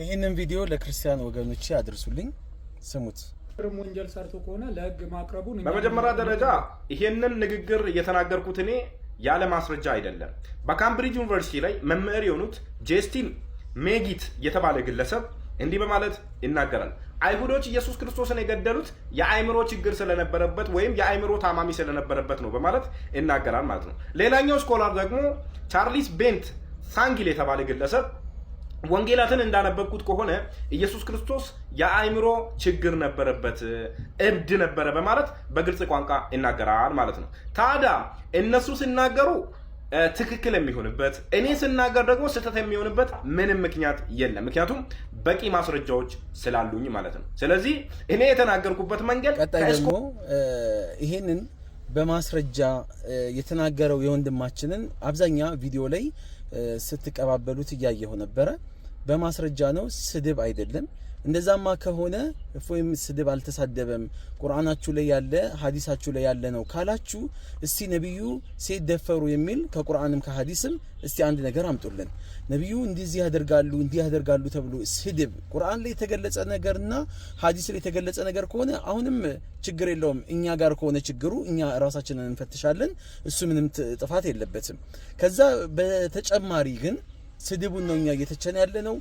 ይህንን ቪዲዮ ለክርስቲያን ወገኖች አድርሱልኝ፣ ስሙት። ወንጀል ሰርቶ ከሆነ ለህግ ማቅረቡን በመጀመሪያ ደረጃ ይሄንን ንግግር የተናገርኩት እኔ ያለ ማስረጃ አይደለም። በካምብሪጅ ዩኒቨርሲቲ ላይ መምህር የሆኑት ጄስቲን ሜጊት የተባለ ግለሰብ እንዲህ በማለት ይናገራል። አይሁዶች ኢየሱስ ክርስቶስን የገደሉት የአእምሮ ችግር ስለነበረበት ወይም የአእምሮ ታማሚ ስለነበረበት ነው በማለት ይናገራል ማለት ነው። ሌላኛው ስኮላር ደግሞ ቻርሊስ ቤንት ሳንጊል የተባለ ግለሰብ ወንጌላትን እንዳነበብኩት ከሆነ ኢየሱስ ክርስቶስ የአእምሮ ችግር ነበረበት፣ እብድ ነበረ በማለት በግልጽ ቋንቋ ይናገራል ማለት ነው። ታዲያ እነሱ ሲናገሩ ትክክል የሚሆንበት እኔ ስናገር ደግሞ ስህተት የሚሆንበት ምንም ምክንያት የለም። ምክንያቱም በቂ ማስረጃዎች ስላሉኝ ማለት ነው። ስለዚህ እኔ የተናገርኩበት መንገድ ቀጣይ ደግሞ ይሄንን በማስረጃ የተናገረው የወንድማችንን አብዛኛ ቪዲዮ ላይ ስትቀባበሉት እያየሁ ነበረ። በማስረጃ ነው፣ ስድብ አይደለም። እንደዛማ ከሆነ እፎይም ስድብ አልተሳደበም፣ ቁርአናችሁ ላይ ያለ ሀዲሳችሁ ላይ ያለ ነው ካላችሁ እስቲ ነቢዩ ሴት ደፈሩ የሚል ከቁርአንም ከሀዲስም እስቲ አንድ ነገር አምጡልን። ነቢዩ እንዲዚህ ያደርጋሉ እንዲህ ያደርጋሉ ተብሎ ስድብ ቁርአን ላይ የተገለጸ ነገርና ሀዲስ ላይ የተገለጸ ነገር ከሆነ አሁንም ችግር የለውም። እኛ ጋር ከሆነ ችግሩ እኛ ራሳችንን እንፈትሻለን። እሱ ምንም ጥፋት የለበትም። ከዛ በተጨማሪ ግን ስድቡን ነው እኛ እየተቸን ያለ ነው።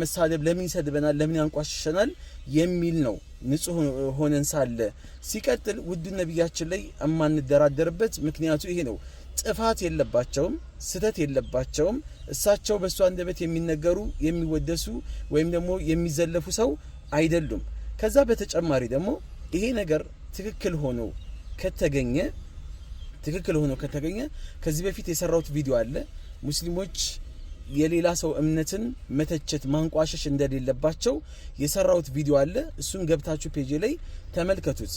መሳደብ ለምን ይሰድበናል? ለምን ያንቋሽሸናል? የሚል ነው። ንጹህ ሆነን ሳለ ሲቀጥል ውድ ነቢያችን ላይ የማንደራደርበት ምክንያቱ ይሄ ነው። ጥፋት የለባቸውም፣ ስህተት የለባቸውም። እሳቸው በእሱ አንደበት የሚነገሩ የሚወደሱ ወይም ደግሞ የሚዘለፉ ሰው አይደሉም። ከዛ በተጨማሪ ደግሞ ይሄ ነገር ትክክል ሆኖ ከተገኘ ትክክል ሆኖ ከተገኘ ከዚህ በፊት የሰራሁት ቪዲዮ አለ ሙስሊሞች የሌላ ሰው እምነትን መተቸት ማንቋሸሽ እንደሌለባቸው የሰራሁት ቪዲዮ አለ። እሱን ገብታችሁ ፔጅ ላይ ተመልከቱት።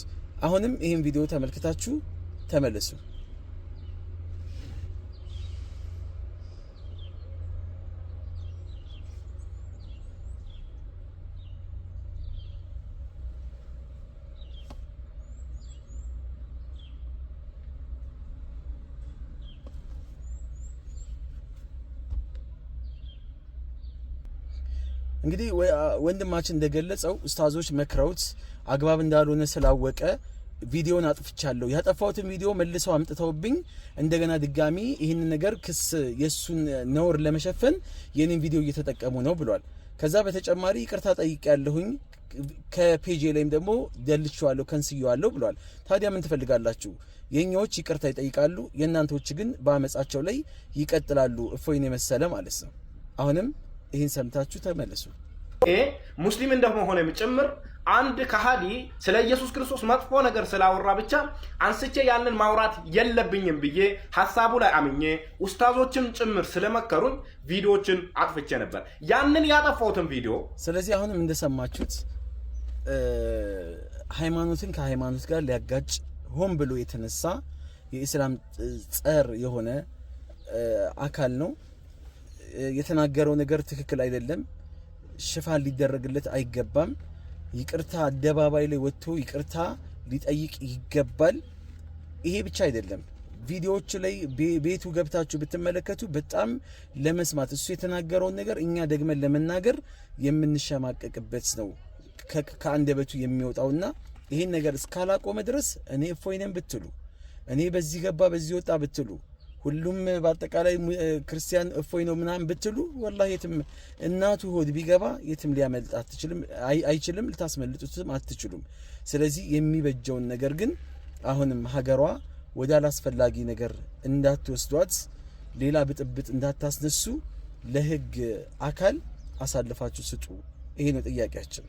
አሁንም ይህን ቪዲዮ ተመልክታችሁ ተመለሱ። እንግዲህ ወንድማችን እንደገለጸው ኡስታዞች መክረውት አግባብ እንዳልሆነ ስላወቀ ቪዲዮን አጥፍቻለሁ። ያጠፋሁትን ቪዲዮ መልሰው አምጥተውብኝ እንደገና ድጋሚ ይህንን ነገር ክስ የእሱን ነውር ለመሸፈን የኔን ቪዲዮ እየተጠቀሙ ነው ብሏል። ከዛ በተጨማሪ ይቅርታ ያለሁኝ ከፔጄ ላይም ደግሞ ደልችዋለሁ ከንስዬዋለሁ ብሏል። ታዲያ ምን ትፈልጋላችሁ? የእኛዎች ይቅርታ ይጠይቃሉ፣ የእናንተዎች ግን በአመጻቸው ላይ ይቀጥላሉ። እፎይን የመሰለ ማለት ነው አሁንም ይህን ሰምታችሁ ተመልሱ። ሙስሊም እንደመሆነም ጭምር አንድ ከሃዲ ስለ ኢየሱስ ክርስቶስ መጥፎ ነገር ስላወራ ብቻ አንስቼ ያንን ማውራት የለብኝም ብዬ ሀሳቡ ላይ አምኜ ኡስታዞችም ጭምር ስለመከሩኝ ቪዲዮዎችን አጥፍቼ ነበር፣ ያንን ያጠፋሁትን ቪዲዮ። ስለዚህ አሁንም እንደሰማችሁት ሃይማኖትን ከሃይማኖት ጋር ሊያጋጭ ሆን ብሎ የተነሳ የኢስላም ጸር የሆነ አካል ነው። የተናገረው ነገር ትክክል አይደለም፣ ሽፋን ሊደረግለት አይገባም። ይቅርታ አደባባይ ላይ ወጥቶ ይቅርታ ሊጠይቅ ይገባል። ይሄ ብቻ አይደለም። ቪዲዮዎች ላይ ቤቱ ገብታችሁ ብትመለከቱ በጣም ለመስማት እሱ የተናገረውን ነገር እኛ ደግመን ለመናገር የምንሸማቀቅበት ነው ከአንደበቱ የሚወጣውና ይህን ነገር እስካላቆመ ድረስ እኔ እፎይነን ብትሉ እኔ በዚህ ገባ በዚህ ወጣ ብትሉ ሁሉም በአጠቃላይ ክርስቲያን እፎይ ነው ምናምን ብትሉ ወላ የትም እናቱ ሆድ ቢገባ የትም ሊያመልጥ አትችልም፣ አይችልም፣ ልታስመልጡትም አትችሉም። ስለዚህ የሚበጀውን ነገር ግን አሁንም ሀገሯ ወደ አላስፈላጊ ነገር እንዳትወስዷት፣ ሌላ ብጥብጥ እንዳታስነሱ፣ ለህግ አካል አሳልፋችሁ ስጡ። ይሄ ነው ጥያቄያችን።